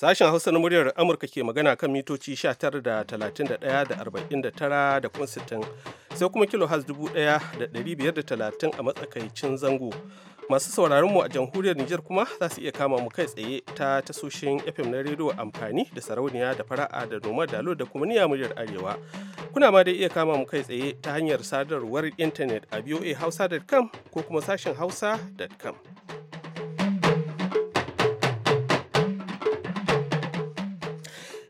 Sashen Hausa na muryar Amurka ke magana kan mitoci 19 da 31 da 49 da kuma 60 sai kuma kilo has 1530 a matsakaicin zango. Masu sauraron mu a jamhuriyar Nijar kuma za su iya kama mu kai tsaye ta tasoshin FM na rediyo amfani da sarauniya da fara'a da noma da da kuma niya muryar arewa. Kuna ma dai iya kama mu kai tsaye ta hanyar sadarwar intanet a voahausa.com ko kuma sashen hausa.com.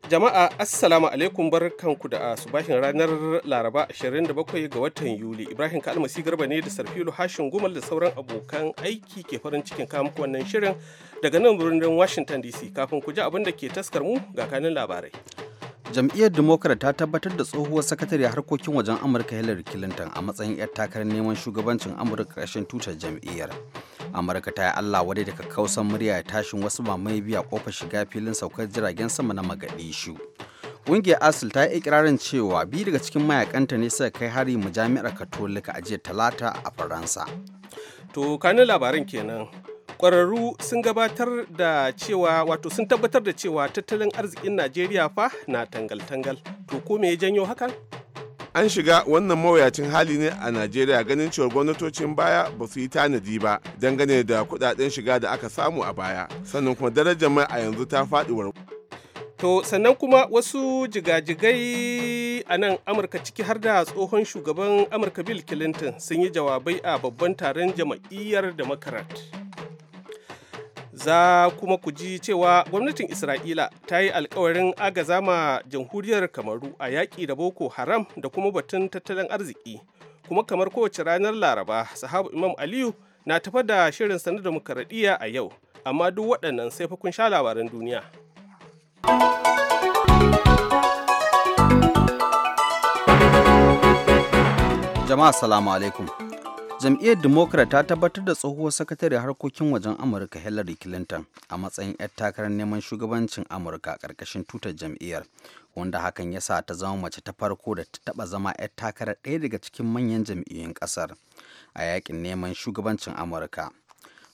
Jama'a Assalamu alaikum barkanku da subahin ranar Laraba 27 ga watan Yuli. Ibrahim Kalmasi Garba ne da Sarfilu Hashin Gumal da sauran abokan aiki ke farin cikin muku wannan shirin daga nan birnin Washington DC. Kafin ku ji abin da ke taskar mu ga kanin labarai. jam'iyyar democrat ta tabbatar da tsohuwar sakatare harkokin wajen amurka hillary clinton a matsayin 'yar takarar neman shugabancin amurka ƙarshen tutar jam'iyyar amurka ta yi allah wadai daga kausan murya ya tashin wasu mamaye biya kofar shiga filin saukar jiragen sama na magadishu ƙungiyar asil ta yi ikirarin cewa biyu daga cikin mayakanta ne suka kai hari mu jami'ar katolika a jiya talata a faransa to kanin labarin kenan kwararru sun gabatar da cewa wato sun tabbatar da cewa tattalin arzikin najeriya fa na tangal-tangal to ko me ya janyo hakan an shiga wannan mawuyacin hali ne a najeriya ganin cewar gwamnatocin baya ba su yi tanadi ba dangane da kudaden shiga da aka samu a baya sannan kuma darajar mai a yanzu ta faɗi To sannan kuma wasu jigajigai a nan Amurka ciki har da tsohon shugaban Amurka Bill Clinton sun yi jawabai a babban taron jama'iyyar Democrat. za kuma ku ji cewa gwamnatin isra'ila ta yi alkawarin agazama jamhuriyar kamaru a yaƙi da boko haram da kuma batun tattalin arziki kuma kamar kowace ranar laraba sahabu imam aliyu na tafa da shirin sanar da a yau amma duk waɗannan sai fa kun sha labaran duniya jama'a salamu alaikum jam'iyyar democrat ta tabbatar da tsohuwar sakatare harkokin wajen amurka hillary clinton a matsayin 'yar takarar neman shugabancin amurka ƙarƙashin tutar jam'iyyar wanda hakan ya sa ta zama mace ta farko da ta taɓa zama 'yar takarar ɗaya daga cikin manyan jam'iyyun ƙasar a yaƙin neman shugabancin amurka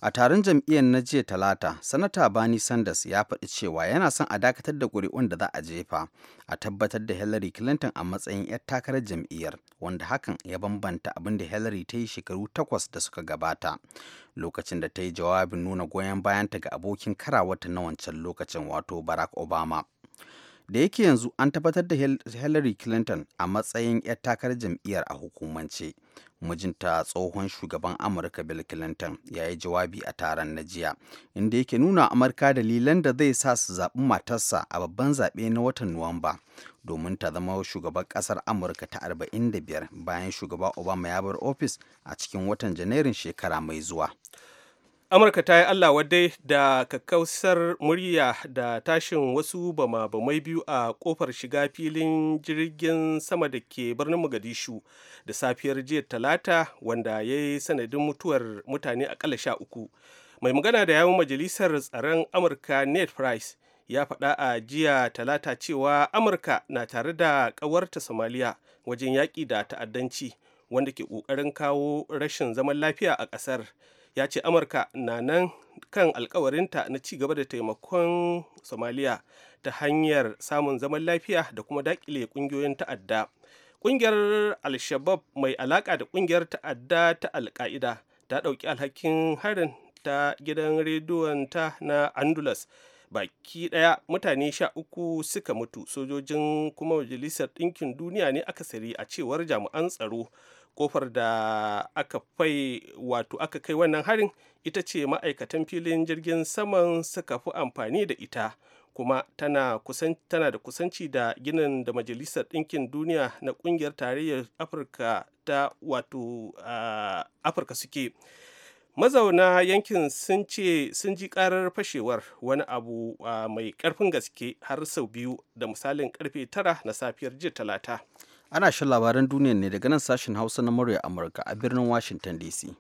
a taron jam'iyyar na jiya talata sanata bani sanders ya faɗi cewa yana son a dakatar da ƙuri'un da za a jefa a tabbatar da hillary clinton a matsayin 'yar takarar jam'iyyar wanda hakan ya bambanta abin da hillary ta yi shekaru takwas da suka gabata lokacin da ta yi jawabin nuna goyon bayanta ga abokin karawata na wancan lokacin wato barack obama da yake yanzu an tabbatar da hillary clinton a matsayin 'yar takarar jam'iyyar a hukumance mijinta tsohon shugaban amurka bill clinton ya yi jawabi a taron na jiya inda yake nuna amurka dalilan da zai sa su zaɓi matarsa a babban zaɓe na watan nuwamba domin ta zama shugaban ƙasar amurka ta 45 bayan shugaba obama ya bar ofis a cikin watan janairun shekara mai zuwa amurka ta yi allah wadai da kakkausar murya da tashin wasu bama-bamai biyu a kofar shiga filin jirgin sama da ke birnin mogadishu da safiyar jiya talata wanda ya yi sanadin mutuwar mutane akalla sha uku mai magana da yawon majalisar tsaron amurka ned price ya faɗa a jiya talata cewa amurka na tare da ƙawarta somaliya wajen yaƙi da ta'addanci wanda ke ƙoƙarin kawo rashin zaman lafiya a ƙasar ya ce amurka na nan kan alkawarinta na ci gaba da taimakon somaliya ta hanyar samun zaman lafiya da kuma dakile kungiyoyin ta'adda kungiyar al-shabab mai alaka da kungiyar ta'adda ta alka'ida ta dauki alhakin harin ta gidan rediyon ta na andulus baki daya mutane sha uku suka mutu sojojin kuma majalisar ɗinkin duniya ne akasari a cewar jami'an tsaro kofar da aka fai wato aka kai wannan harin ita ce ma'aikatan filin jirgin saman suka fi amfani da ita kuma tana, da kusanci da ginin da majalisar ɗinkin duniya na ƙungiyar tarayyar afirka ta wato afirka suke mazauna yankin sun ce sun ji karar fashewar wani abu uh, mai ƙarfin gaske har sau biyu da misalin karfe tara na safiyar jiya talata ana shan labaran duniya ne daga nan sashen hausa na murya amurka a birnin washington dc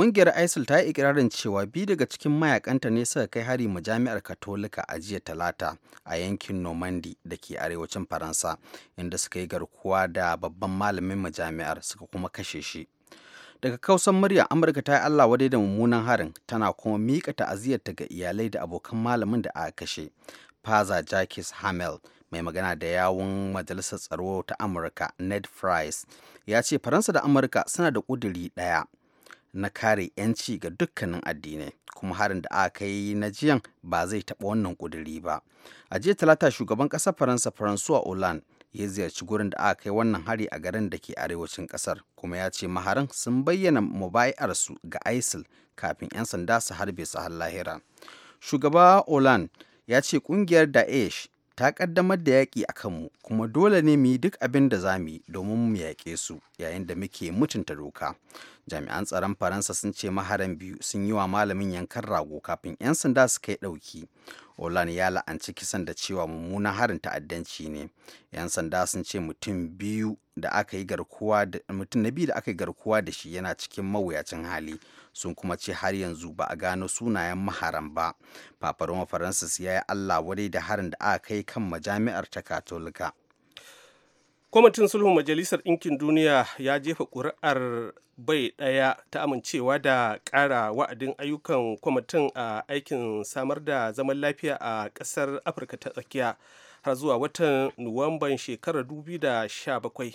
Ƙungiyar ISIL ta yi ikirarin cewa biyu daga cikin mayakanta ne suka kai hari ma jami'ar Katolika a jiya Talata a yankin Normandy da ke arewacin Faransa, inda suka yi garkuwa da babban malamin majami'ar suka kuma kashe shi. daga kausan murya amurka ta yi allah wadai da mummunan harin tana kuma miƙa ta'aziyarta ga iyalai da abokan malamin da aka kashe faza jakis hamel mai magana da yawun majalisar tsaro ta amurka ned price ya ce faransa da amurka suna da ƙuduri ɗaya na kare 'yanci ga dukkanin addinai kuma harin da aka yi na jiyan ba zai taɓa wannan ƙuduri ba a jiya talata shugaban ƙasar faransa faransuwa hollande ya ziyarci gurin da aka kai wannan hari a garin da ke arewacin kasar kuma ya ce maharin sun bayyana mubayarsu ga isil kafin 'yan sanda su harbe su har lahira shugaba olan ya ce kungiyar daesh ta ƙaddamar da yaƙi a kanmu kuma dole ne mu yi duk abin da za mu yi domin mu yaƙe su yayin da muke mutunta doka jami'an tsaron faransa sun ce maharan biyu sun yi wa malamin yankan rago kafin 'yan sanda su kai ɗauki olan ya la'anci kisan da cewa mummunan harin ta'addanci ne 'yan sanda sun ce mutum na biyu da aka yi garkuwa da shi yana cikin mawuyacin hali sun kuma ce har yanzu ba a gano sunayen maharan ba paparoma francis ya yi allah wadai da harin da aka kai kan majami'ar ta katolika kwamitin sulhun majalisar ɗinkin duniya ya jefa ƙuri'ar bai ɗaya ta amincewa da ƙara wa'adin ayyukan kwamitin a aikin samar da zaman lafiya a ƙasar afirka ta tsakiya har zuwa watan nuwamban shekarar 2017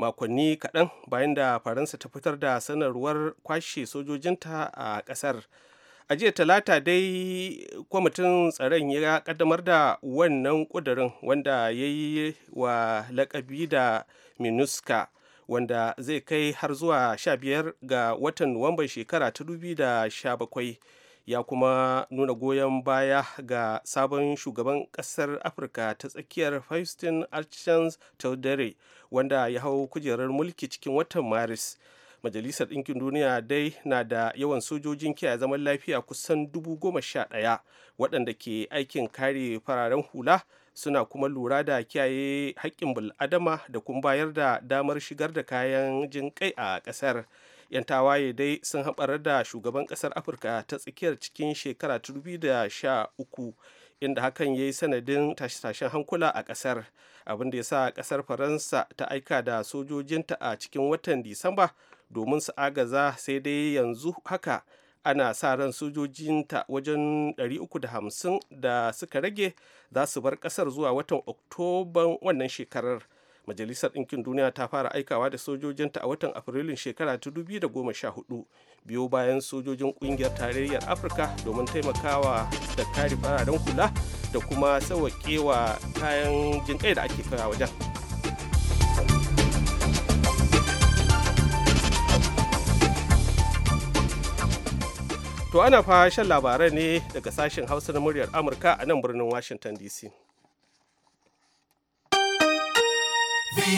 makonni kaɗan bayan da faransa ta fitar da sanarwar kwashe sojojinta a ƙasar a jiya talata dai kwamitin tsaron ya kaddamar da wannan ƙudurin wanda ya yi wa lakabi da minuska wanda zai kai har zuwa 15 ga watan nuwamban shekara ta 2017 ya kuma nuna goyon baya ga sabon shugaban kasar afirka ta tsakiyar faustin archons taudare wanda ya hau kujerar mulki cikin watan maris majalisar ɗinkin duniya dai na da yawan sojojin kiyaye zaman lafiya kusan dubu goma sha ɗaya waɗanda ke aikin kare fararen hula suna kuma lura da kiyaye haƙƙin bul'adama da kuma bayar da damar shigar da kayan jin kai a ƙasar 'yan tawaye dai sun haɓar da shugaban ƙasar afirka ta tsakiyar cikin shekara 2013 inda hakan ya yi sanadin tashe-tashen hankula a ƙasar abinda da ya sa ƙasar faransa ta aika da sojojinta a cikin watan disamba domin su agaza sai dai yanzu haka ana sa ran sojojinta wajen 350 da suka rage za su bar ƙasar zuwa watan oktoban wannan shekarar majalisar ɗinkin duniya ta fara aikawa da sojojinta a watan afrilun shekara ta dubi da goma sha hudu, biyo bayan sojojin ƙungiyar tarayyar afirka domin taimakawa da kare fararen kula da kuma sauwaƙewa kayan jinƙai da ake kawo wajen to ana shan labarai ne daga sashen hausa na muryar amurka a nan birnin washington dc To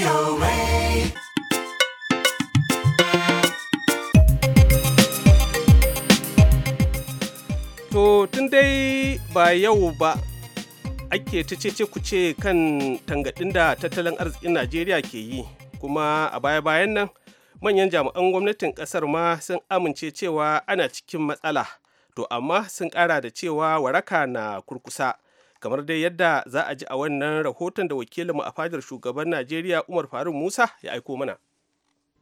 tun dai ba yau ba ake ta cece ce kan tangaɗin da tattalin arzikin Najeriya ke yi kuma a baya-bayan nan manyan jami'an gwamnatin ƙasar ma sun amince cewa ana cikin matsala to amma sun ƙara da cewa waraka na kurkusa kamar dai yadda za a ji a wannan rahoton da wakilinmu a fadar shugaban najeriya umar faruk musa ya aiko mana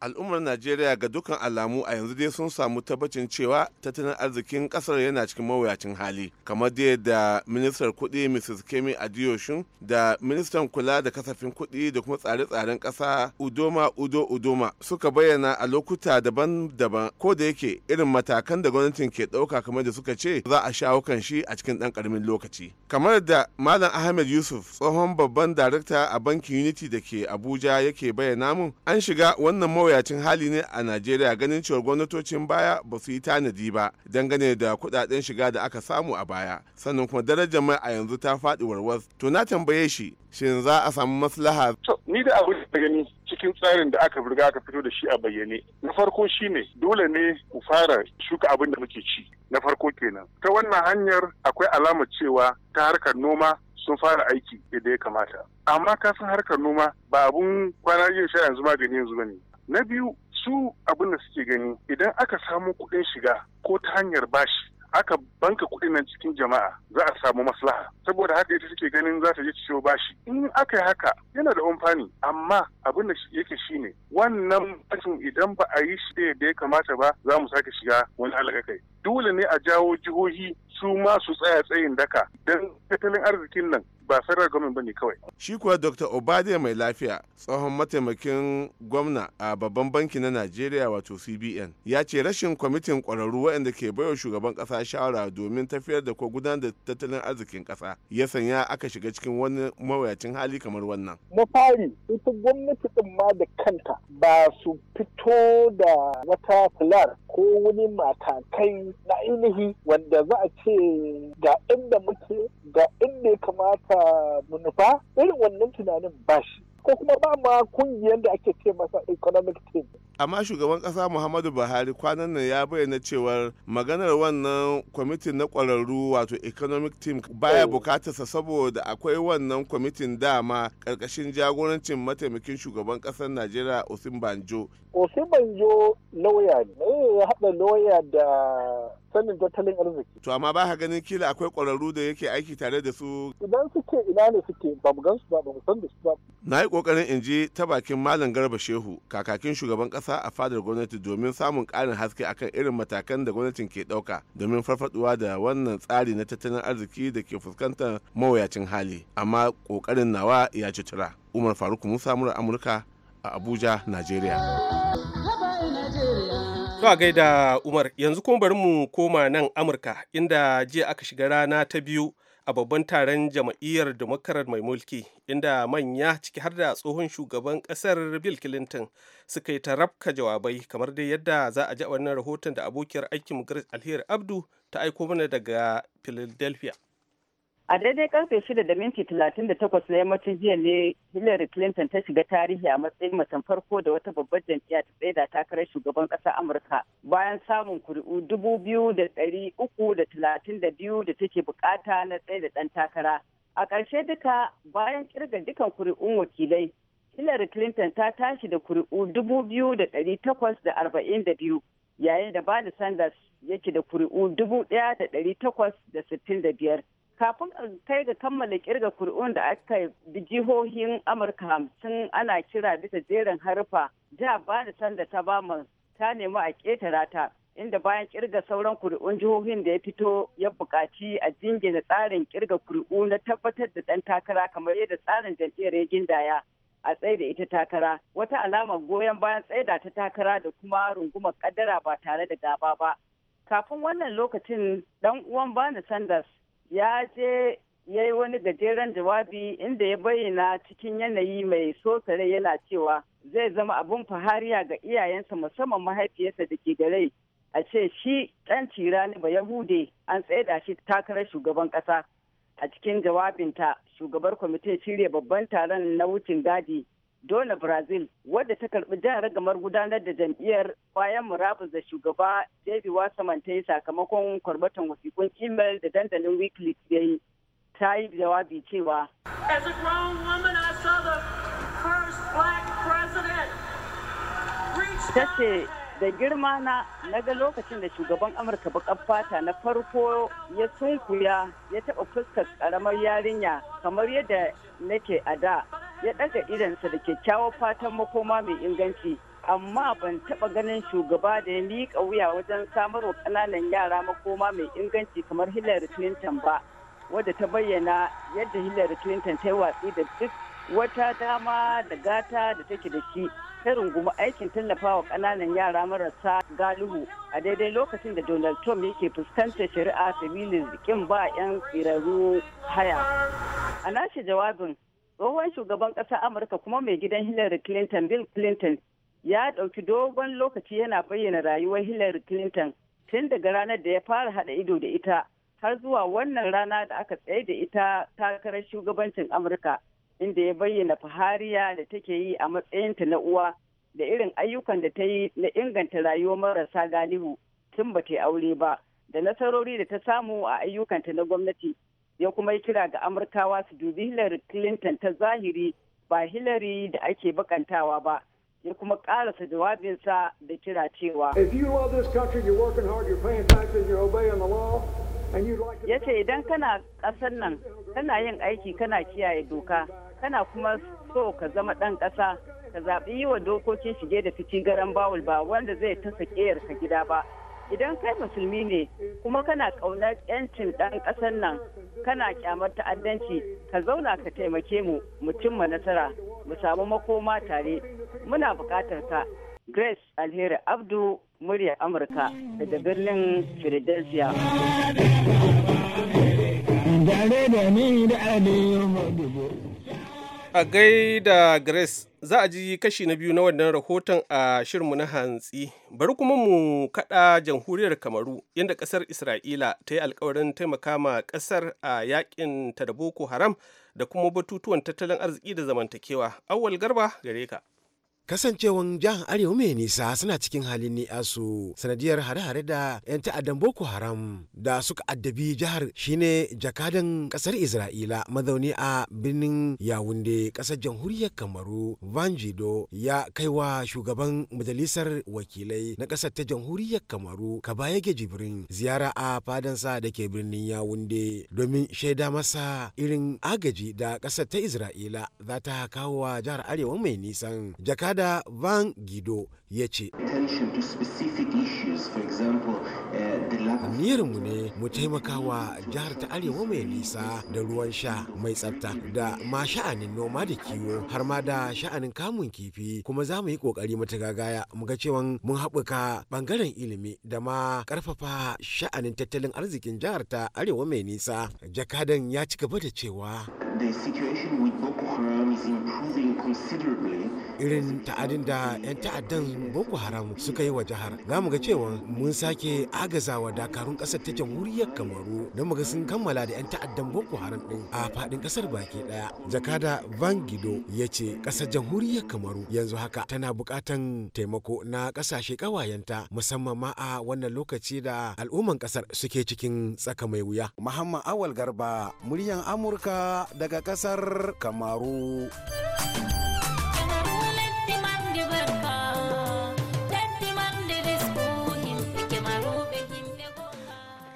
al'ummar najeriya ga dukkan alamu a yanzu dai sun samu tabbacin cewa tattalin arzikin kasar yana cikin mawuyacin hali kamar dai da ministar kuɗi mrs kemi adiyoshin da ministan kula da kasafin kuɗi da kuma tsare-tsaren kasa udoma udo udoma suka bayyana a lokuta daban-daban ko da yake irin matakan da gwamnatin ke ɗauka kamar da suka ce za a shawo kan shi a cikin ɗan ƙaramin lokaci kamar da malam ahmed yusuf tsohon babban darakta a bankin unity da ke abuja yake bayyana mun an shiga wannan mawuyacin hali ne a najeriya ganin cewar gwamnatocin baya ba su yi tanadi ba dangane da kudaden shiga da aka samu a baya sannan kuma darajar mai a yanzu ta faɗi warwas to na tambaye shi shin za a samu maslaha ni da abu da gani cikin tsarin da aka burga aka fito da shi a bayyane na farko shine dole ne ku fara shuka abin da muke ci na farko kenan ta wannan hanyar akwai alamar cewa ta harkar noma sun fara aiki yadda ya kamata amma kasan harkar noma ba abun kwana yin sha yanzu magani yanzu bane na biyu su abin da suke gani idan aka samu kuɗin shiga ko ta hanyar bashi aka banka kuɗin nan cikin jama'a za a samu maslaha saboda haka ita suke ganin za ta je ciwo bashi in aka yi haka yana da amfani amma abin da yake shine wannan bashin idan ba a yi shi da ya kamata ba za mu sake shiga wani alaƙa kai, dole ne a jawo jihohi su ma su tsaya tsayin daka don tattalin arzikin nan ba federal government ne kawai. Shi kuwa Dr. Obade mai lafiya tsohon mataimakin gwamna a babban banki na Najeriya wato CBN ya ce rashin kwamitin kwararru waɗanda ke baiwa shugaban ƙasa shawara domin tafiyar da ko gudanar da tattalin arzikin ƙasa ya sanya aka shiga cikin wani mawuyacin hali kamar wannan. Na fari ita gwamnati ɗin ma da kanta ba su fito da wata filar ko wani matakai na ainihi wanda za a ce ce ga inda muke ga inda ya kamata mu nufa irin wannan tunanin ba shi ko kuma ba ma kungiyar da ake ce masa economic team. Amma shugaban kasa Muhammadu Buhari kwanan nan ya bayyana cewar maganar wannan kwamitin na kwararru wato economic team baya oh. bukatarsa saboda akwai wannan kwamitin dama karkashin jagorancin mataimakin shugaban kasar Najeriya Osin Banjo. lauya ne ya haɗa lauya da sanin tattalin arziki. To amma ba ka ganin kila akwai ƙwararru da yake aiki tare da su. Idan suke ina ne suke ba mu gansu ba ba mu san da su ba. Na yi ƙoƙarin in je ta bakin Malam Garba Shehu kakakin shugaban ƙasa a fadar gwamnati domin samun ƙarin haske akan irin matakan da gwamnatin ke ɗauka domin farfaɗuwa da wannan tsari na tattalin arziki da ke fuskantar mawuyacin hali amma ƙoƙarin nawa ya ci tura. Umar Faruk Musa mura Amurka a Abuja, Najeriya. To a gaida Umar, yanzu kuma bari mu koma nan Amurka inda jiya aka shiga rana ta biyu a babban taron jama'iyyar Democrat mai mulki inda manya ciki har da tsohon shugaban kasar Bill Clinton suka yi tarabka jawabai kamar dai yadda za a ji wannan rahoton da abokiyar aikin Grace Alheri Abdu ta aiko mana daga Philadelphia. a daidai karfe shida da minti 38 na yammacin jiya ne hillary clinton ta shiga tarihi a matsayin macen farko da wata babbar jam'iyya ta tsaye takarar shugaban ƙasa amurka bayan samun kuri'u dubu da take bukata na tsaye da ɗan takara a ƙarshe duka bayan kirga dukan kuri'un wakilai hillary clinton ta tashi da kuri'u dubu biyu da ɗari takwas da yayin da bani sanders yake da kuri'u dubu ɗaya sittin da biyar kafin kai ga kammala kirga kuri'un da aka bi jihohin amurka hamsin ana kira bisa jerin harfa jiha ba da sanda ta bama ta nemi a ketara ta inda bayan kirga sauran kuri'un jihohin da ya fito ya buƙaci a jingina tsarin kirga kuri'u na tabbatar da ɗan takara kamar yadda tsarin jam'iyyar ya gindaya a tsaye da ita takara wata alamar goyon bayan tsaida ta takara da kuma rungumar kaddara ba tare da gaba ba kafin wannan lokacin dan uwan bani sanders ya je ya yi wani gajeren jawabi inda ya bayyana cikin yanayi mai sosare yana cewa zai zama abin fahariya ga iyayensa musamman mahaifiyarsa da ke gare a ce shi ɗan cirani ba yahude an tsaida shi takarar shugaban ƙasa a cikin jawabinta shugabar kwamitin shirya babban taron na wucin gadi dole brazil wadda ta karbi jihar gamar gudanar da jam'iyyar bayan murabus da shugaba david wasserman ta yi sakamakon kwarbatan wasikun imel da dandalin wikileaks ya yi ta yi jawabi cewa ta ce da girma na naga lokacin da shugaban amurka bakan fata na farko ya sunkuya ya taɓa fuskar ƙaramar yarinya kamar yadda nake a da ya ɗaga idansa da kyakkyawar fatan makoma mai inganci amma ban taɓa ganin shugaba da ya miƙa wuya wajen samar wa ƙananan yara makoma mai inganci kamar hillary clinton ba wadda ta bayyana yadda hillary clinton ta yi watsi da duk wata dama da gata da take da shi ta runguma aikin tallafa wa ƙananan yara marasa galihu a daidai lokacin da donald trump yake fuskantar shari'a sabilin zikin ba 'yan tsirarru haya a nashi jawabin tsohon shugaban ƙasar amurka kuma mai gidan hillary clinton bill clinton ya ɗauki dogon lokaci yana bayyana rayuwar hillary clinton tun daga ranar da ya fara haɗa ido da ita har zuwa wannan rana da aka tsaye da ita takarar shugabancin amurka inda ya bayyana fahariya da take yi a matsayinta na uwa da irin ayyukan da ta yi na inganta rayuwar marasa galihu tun ba ta aure ba da nasarori da ta samu a ayyukanta na gwamnati ya kuma yi kira ga amurkawa su dubi hillary clinton ta zahiri ba hillary da ake bakantawa ba ya kuma karasa jawabinsa da kira cewa ya ce idan kana ƙasar nan kana yin aiki kana kiyaye doka kana kuma so ka zama dan kasa ka zaɓi yi wa dokokin shige da fici garan bawul ba wanda zai ta sakeyar ka gida ba idan kai musulmi ne kuma kana ƙaunar 'yancin ɗan ƙasar nan kana kyamar ta'addanci ka zauna ka taimake mu mu cimma nasara mu samu makoma tare muna buƙatar ka grace alheri abdu murya amurka da birnin philadelphia da ni da A gaida Grace za a ji kashi na biyu na wannan rahoton a shirmu na hantsi. Bari kuma mu kaɗa jamhuriyar Kamaru yadda ƙasar Isra'ila ta yi alkawarin taimaka ma ƙasar a yakin ta da Boko Haram da kuma batutuwan tattalin arziki da zamantakewa. Awwal Garba gare ka. kasancewan jihar arewa mai nisa suna cikin halin ni asu sanadiyar hare-hare da 'yan ta'addan boko haram da suka addabi jihar shine jakadan kasar isra'ila mazauni a birnin yawunde kasar jamhuriyar kamaru vanjido ya kaiwa shugaban majalisar wakilai na kasar ta jamhuriyar kamaru kabayage jibrin ziyara a fadansa da ke birnin yawunde domin shaida masa irin agaji da kasar ta isra'ila za ta kawo wa jihar arewa mai nisan jakadan Kanada Van Gido ya ce, eh, mu ne mu taimaka wa jihar ta Arewa mai nisa da ruwan sha mai tsafta da ma sha'anin noma da kiwo har ma da sha'anin kamun kifi kuma za mu yi kokari mata gagaya mu ga cewa mun haɓuka ɓangaren ilimi da ma ƙarfafa sha'anin tattalin arzikin jihar ta Arewa mai nisa. Jakadan ya ci gaba da cewa. The situation irin ta'adin da 'yan ta'addan boko haram suka yi wa jihar za mu ga cewa mun sake agazawa dakarun kasar ta jamhuriyar kamaru don mu ga sun kammala da 'yan ta'addan boko haram din a fadin kasar baki daya jakada van gido ya ce kasar jamhuriyar kamaru yanzu haka tana bukatan taimako na kasashe kawayenta musamman ma a wannan lokaci da al'umman kasar suke cikin tsaka mai wuya muhammad awal garba muryan amurka daga kasar kamaru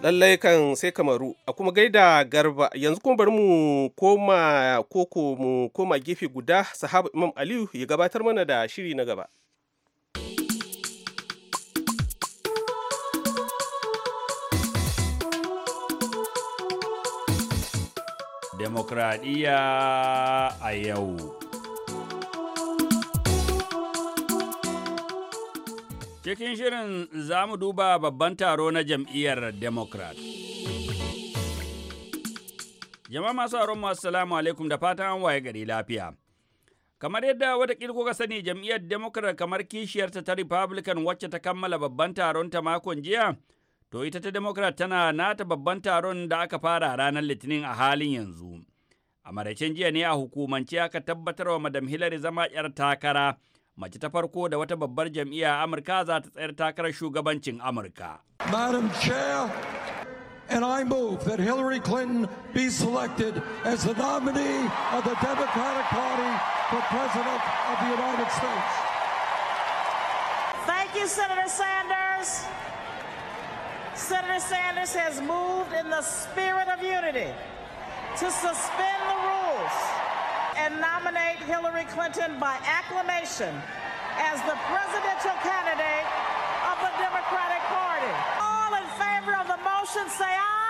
lallai kan sai kamaru a kuma gaida garba yanzu kuma bari mu koma koko mu koma gefe guda sahabu imam aliyu ya gabatar mana da shiri na gaba demokradiyya a yau Cikin shirin za mu duba babban taro na jam'iyyar Democrat. Jama'a masu haron masu salamu alaikum da fatan waye gari lafiya. Kamar yadda watakil kuka sani jam'iyyar Democrat kamar kishiyarta ta Republican wacce ta kammala babban taron ta makon jiya, to ita ta Democrat tana nata babban taron da aka fara ranar Litinin a halin yanzu. A maraicin jiya ne a hukumance aka tabbatar wa Madam Hillary zama 'yar takara. mace ta farko da wata babbar jam'iyya Amurka za ta tsayar takarar shugabancin Amurka. Madam Chair, and I move that Hillary Clinton be selected as the nominee of the Democratic Party for President of the United States. Thank you, Senator Sanders. Senator Sanders has moved in the spirit of unity to suspend the rules and nominate Hillary Clinton by acclamation as the presidential candidate of the Democratic Party. All in favor of the motion say aye.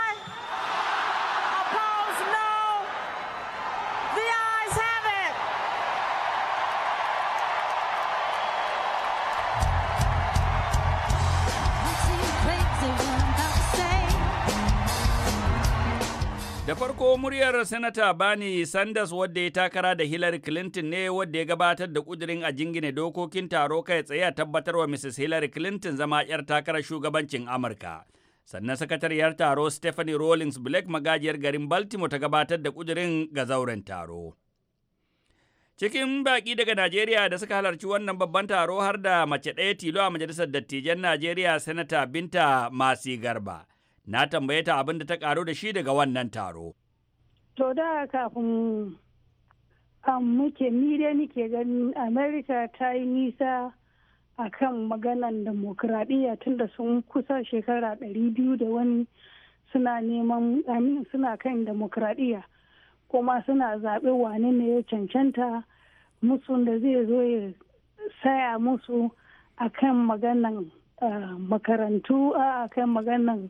Da farko muryar Sanata Bani Sanders wadda ya takara da Hillary Clinton ne wadda ya gabatar da kudirin a jingine dokokin taro kai tsaye a tabbatar wa Mrs. Hillary Clinton zama 'yar takarar shugabancin Amurka. Sannan sakatariyar taro Stephanie Rawlings Blake magajiyar garin Baltimore ta gabatar da kudirin ga zauren taro. Cikin baƙi daga Najeriya da suka halarci wannan babban taro har da mace ɗaya tilo a majalisar dattijan Najeriya Sanata Binta Masi Garba. na tambaye ta abin da ta karu da shi daga wannan taro. To da kafin muke ni dai nike ganin Amerika ta yi nisa a kan maganan demokuraɗiyya tunda sun kusa shekara ɗari da wani suna neman amin suna kan demokuraɗiyya kuma suna zaɓe wani ne ya cancanta musu da zai zo ya saya musu a kan maganan eh, makarantu a kan maganan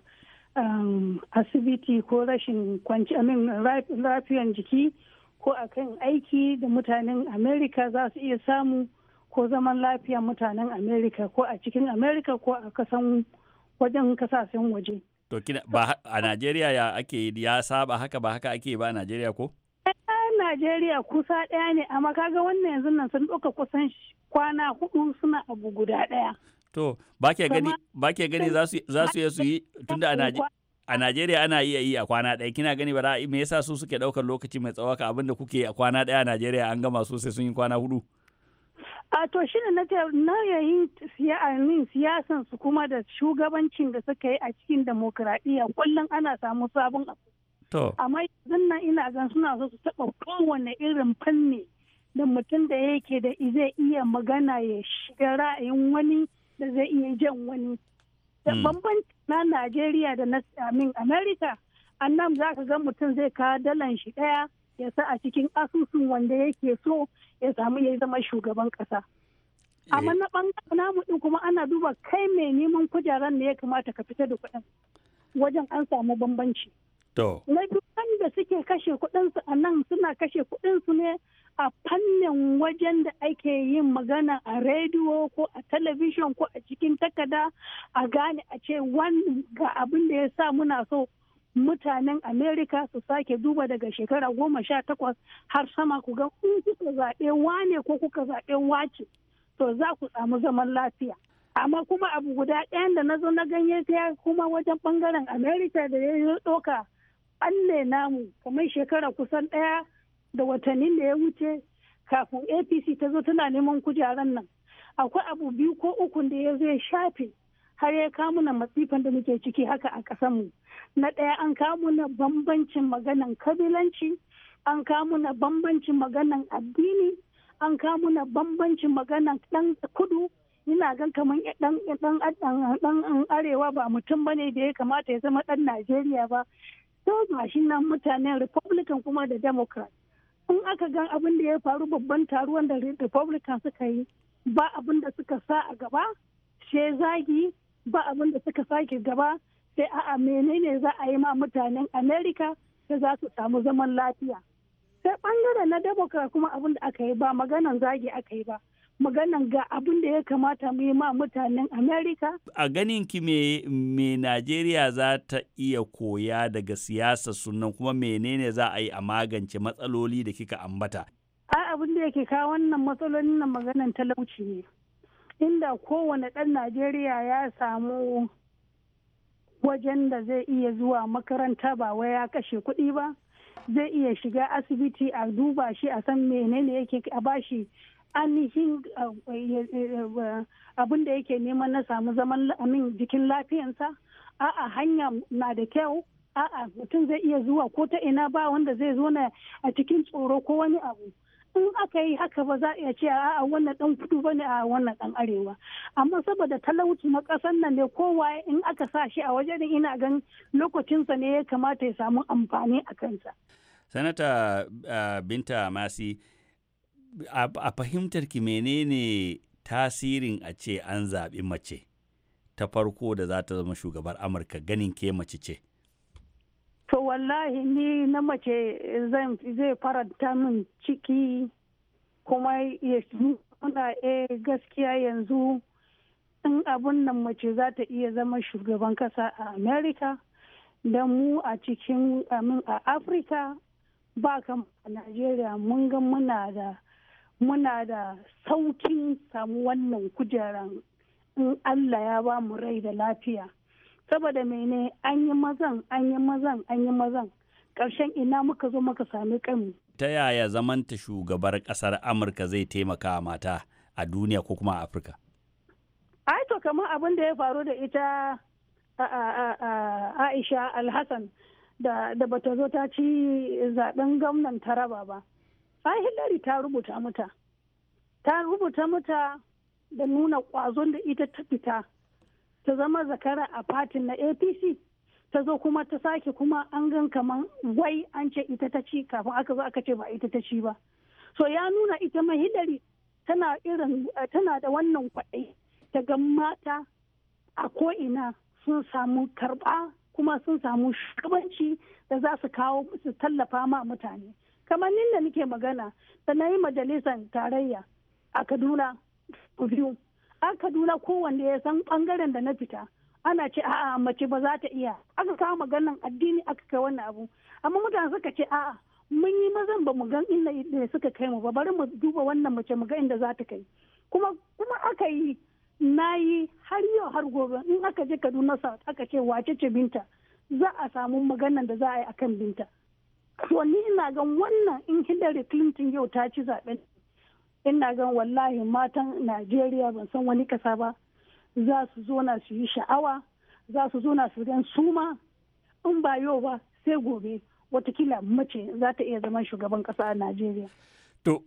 Um, asibiti ko rashin kwanci amin lafiyan jiki ko akan aiki da mutanen amerika za su iya samu ko zaman lafiya mutanen amerika ko a cikin amerika ko a kasan wajen kasashen waje to kina ba a najeriya ya ake ya saba haka ba haka ake ba a najeriya ko Najeriya kusa ɗaya ne amma kaga wannan yanzu nan sun ɗauka kusan kwana hudu suna abu guda ɗaya. To, ba ke gani za su yi tunda a Najeriya ana iya yi a kwana ɗaya kina gani ba me yasa su suke ɗaukar lokaci mai tsawo ka abinda kuke a kwana ɗaya a Najeriya an gama sosai sun yi kwana hudu. A to shi ne na yayin yi siyasan su kuma da shugabancin da suka yi a cikin demokuraɗiyya kullum ana samu sabon abu. To. Amma yanzu nan ina gan suna so su taɓa kowane irin fanni da mutum da yake da zai iya magana ya shiga ra'ayin wani da zai iya jan wani. da mm. bambanci na najeriya da na amin america nan za ka ga mutum zai kawo dalan shi daya ya sa a cikin asusun wanda yake so ya samu ya zama shugaban kasa eh. amma na bangaren namu din kuma ana duba kai mai neman kujeran da ya kamata ka fita da kuɗin wajen an samu bambanci na duk da suke kashe kuɗinsu a nan suna kashe kuɗinsu ne a fannin wajen da ake yin magana a rediyo ko a talabijin ko a cikin takada a gane a ce ga abin da ya sa muna so mutanen amerika su sake duba daga shekara goma sha takwas har sama ku ga in kuka zaɓe wane ko kuka zaɓe wace to za ku samu zaman lafiya amma kuma abu guda ɗayan da na zo na ganye ta kuma wajen ɓangaren amerika da ya ɗauka ɓalle namu kamar shekara kusan ɗaya da watannin da ya wuce kafin apc ta zo tana neman kujeran nan akwai abu biyu ko uku da ya zo ya shafe har ya kamu na matsifan da muke ciki haka a ƙasanmu na ɗaya an kamu na bambancin maganan kabilanci an kamu na bambancin maganan addini an kamu na bambancin maganan ɗan kudu ina gan kamar ɗan ɗan arewa ba mutum ba ne da ya kamata ya zama ɗan najeriya ba to mashin mutanen republican kuma da democrat in aka gan abin da ya faru babban taruwan da republican suka yi ba abin da suka sa a gaba she zagi ba abin da suka sake gaba sai a'a menene za a yi ma mutanen america da za su samu zaman lafiya sai bangare na democrat kuma abin da aka yi ba maganan zagi aka yi ba maganan ga abin da ya kamata mu yi ma mutanen Amerika. A ganin ki me, Najeriya za ta iya koya daga siyasa sunan kuma menene za a yi a magance matsaloli da kika ambata? A abin da yake kawo wannan matsalolin nan maganan talauci ne. Inda kowane ɗan Najeriya ya samu wajen da zai iya zuwa makaranta ba wai ya kashe kuɗi ba. zai iya shiga asibiti a duba shi a san menene yake a bashi ainihin eh, eh, eh, abin da yake neman na samu zaman amin jikin lafiyansa a'a hanya na da kyau a'a mutum zai iya zuwa ko ta ina ba wanda zai zo na a cikin tsoro ko wani abu in aka yi haka ba za a iya ce a wannan dan kudu ba ne a wannan dan arewa amma saboda talauci na kasan nan ne kowa in aka sa shi a wajen ina gan lokacinsa ne ya kamata ya samu amfani a kansa sanata binta masi a fahimtar ki menene tasirin a ce an zaɓi mace ta farko da za ta zama shugabar amurka ganin ke mace ce to wallahi ni na mace zai faranta min ciki kuma ya suna e eh, gaskiya yanzu in abun nan mace za ta iya zama shugaban kasa a america da mu a cikin amin a afirka ba kama a najeriya mun ga muna da muna da saukin samu wannan kujeran in Allah ya ba mu rai da lafiya saboda mene an yi mazan an yi mazan an yi mazan ƙarshen ina muka zo muka sami kanmu ta yaya zamanta shugabar ƙasar amurka zai taimaka mata a duniya ko kuma a afirka ai to kamar abin da ya faru da ita aisha alhassan da bata zo ta ci zaɓen gwamnan taraba ba bayan hillary ta rubuta mata ta rubuta mata da nuna kwazon da ita ta fita ta zama zakara a fatin na apc ta zo kuma ta sake kuma an gan kaman wai an ce ita ta ci kafin aka zo aka ce ba ita ta ci ba so ya nuna ita ma hillary tana irin tana da wannan kwaɗayi ta ga mata a ko'ina sun samu karɓa kuma sun samu shugabanci da za su kawo su tallafa ma mutane kamar da nake magana da na yi majalisar tarayya a kaduna biyu a kaduna kowanne ya san bangaren da na fita ana ce a'a mace ba za ta iya aka kawo maganan addini aka kai wannan abu amma mutane suka ce a'a mun yi mazan ba mu gan inda da suka kai mu ba bari mu duba wannan mace mu ga inda za ta kai kuma kuma aka yi na yi har yau har gobe in aka je kaduna south aka ce wace ce binta za a samu maganan da za a yi akan binta so ni ina gan wannan in hillary clinton yau ta ci zaben ina gan wallahi matan najeriya ban san wani kasa ba za su zo na su yi sha'awa za su zo na su gan suma in ba yau ba sai gobe watakila mace za ta iya zama shugaban kasa a najeriya to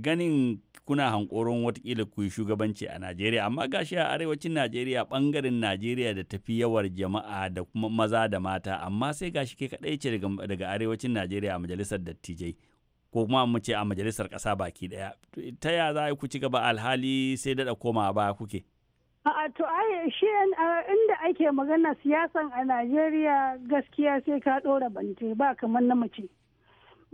ganin kuna hankoron watakila ku yi shugabanci a Najeriya amma gashi a arewacin Najeriya bangaren Najeriya da tafi yawar jama'a da kuma maza da mata amma sai gashi ke kaɗai ce daga arewacin Najeriya a majalisar dattijai ko kuma mu ce a majalisar ƙasa baki ɗaya ta ya za ku ci gaba alhali sai dada koma ba kuke A'a to ai shi inda ake magana siyasan a Najeriya gaskiya sai ka ɗora bante ba kamar na mace.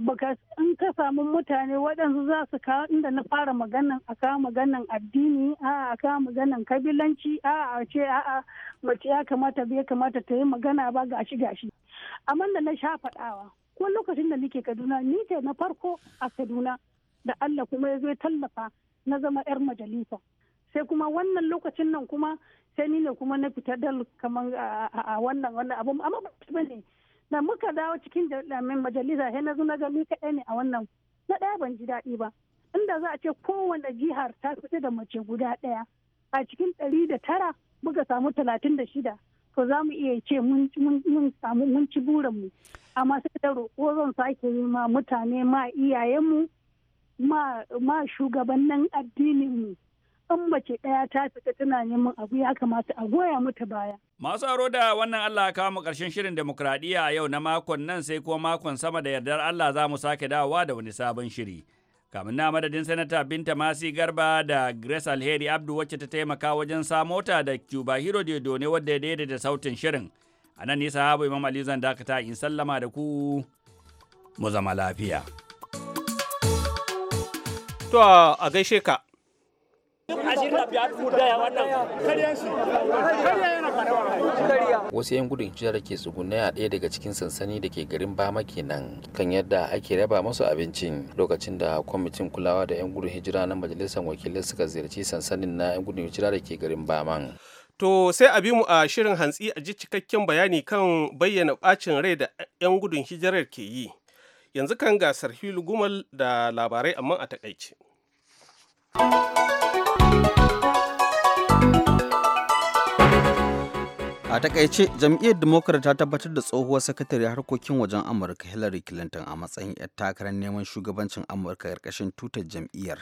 baka in ka samu mutane waɗansu za su kawo inda na fara maganan a kawo maganan addini a a kawo maganan kabilanci a a ce a a mace ya kamata bai kamata ta yi magana ba gashi gashi amma da na sha faɗawa ko lokacin da nake kaduna ni ce na farko a kaduna da allah kuma ya zo ya tallafa na zama yar majalisa sai kuma wannan lokacin nan kuma sai ni ne kuma na fita dal kamar a wannan wannan abu amma ba ne da muka dawo cikin majalisa sai na zo na gani kaɗai ne a wannan na ɗaya ban ji daɗi ba inda za a ce kowane jihar ta fita da mace guda ɗaya a cikin ɗari da tara muka samu talatin da shida to za mu iya ce mun samu mun ci burinmu amma sai da roƙo zan sake yi ma mutane ma iyayenmu ma shugabannin addininmu in mace ɗaya ta fita tana neman abu ya kamata a goya mata baya. Masu aro da wannan Allah kawo mu ƙarshen shirin demokuraɗiyya yau na makon nan sai kuma makon sama da yardar Allah za mu sake dawowa da wani sabon shiri. Kamin na madadin Sanata Binta Masi Garba da Grace Alheri Abdu wacce ta taimaka wajen samo ta da Cuba Hero Dedo ne wadda ya daidaita sautin shirin. A nan nisa habu Imam Ali zan dakata in sallama da ku mu zama lafiya. To a gaishe ka wasu 'yan gudun hijira da ke tsugunne a ɗaya daga cikin sansani da ke garin bama kenan kan yadda ake raba masu abincin lokacin da kwamitin kulawa da 'yan gudun hijira na majalisar wakilai suka ziyarci sansanin na 'yan gudun hijira da ke garin baman To sai a bi mu a shirin hantsi a ji cikakken bayani kan bayyana ɓacin rai da 'yan gudun hijirar ke yi. Yanzu kan gasar Hilu Gumal da labarai amma a takaice. a takaice jam'iyyar democrat ta tabbatar da tsohuwar sakatare harkokin wajen amurka hillary clinton a matsayin 'yar takarar neman shugabancin amurka karkashin tutar jam'iyyar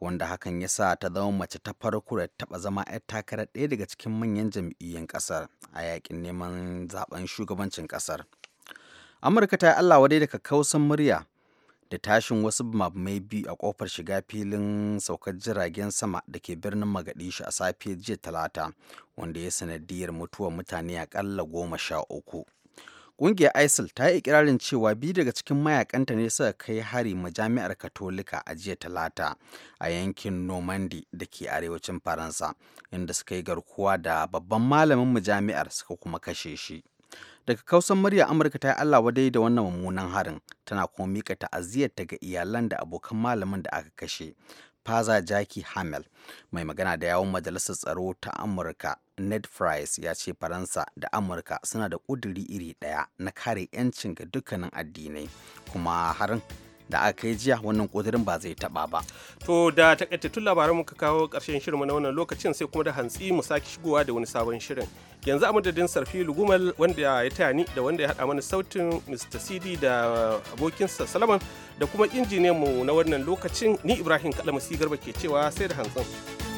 wanda hakan ya sa ta zama mace ta farko da taba zama 'yar takarar ɗaya daga cikin manyan jam'iyyun kasar a yakin neman zaben shugabancin kasar. amurka ta yi allah wadai daga kausan murya da tashin wasu mabumai biyu a kofar shiga filin saukar jiragen sama da ke birnin magadishu a safiyar jiya talata wanda ya sanadiyar mutuwar mutane akalla goma sha uku ƙungiyar isil ta yi ikirarin cewa biyu daga cikin mayakanta ne suka kai hari majami'ar katolika a jiya talata a yankin nomandi da ke arewacin faransa inda suka yi garkuwa da babban malamin majami'ar suka kuma kashe shi daga kausan murya amurka ta yi allah wadai da wannan mummunan harin tana kuma mika ta'aziyyar ta ga iyalan da abokan malamin da aka kashe faza jaki hamel mai magana da yawon majalisar tsaro ta amurka ned price ya ce faransa da amurka suna da ƙuduri iri ɗaya na kare 'yancin ga dukkanin addinai kuma harin da aka yi jiya wannan kudirin ba zai taba ba to da takaitattun labaran muka kawo karshen shirinmu na wannan lokacin sai kuma da hantsi mu sake shigowa da wani sabon shirin yanzu a madadin sarfi lugumal wanda ya taya ni da wanda ya haɗa mana sautin mr cd da abokinsa salaman da kuma injiniyan mu na wannan lokacin ni ibrahim kalamasi garba ke cewa sai da hantsin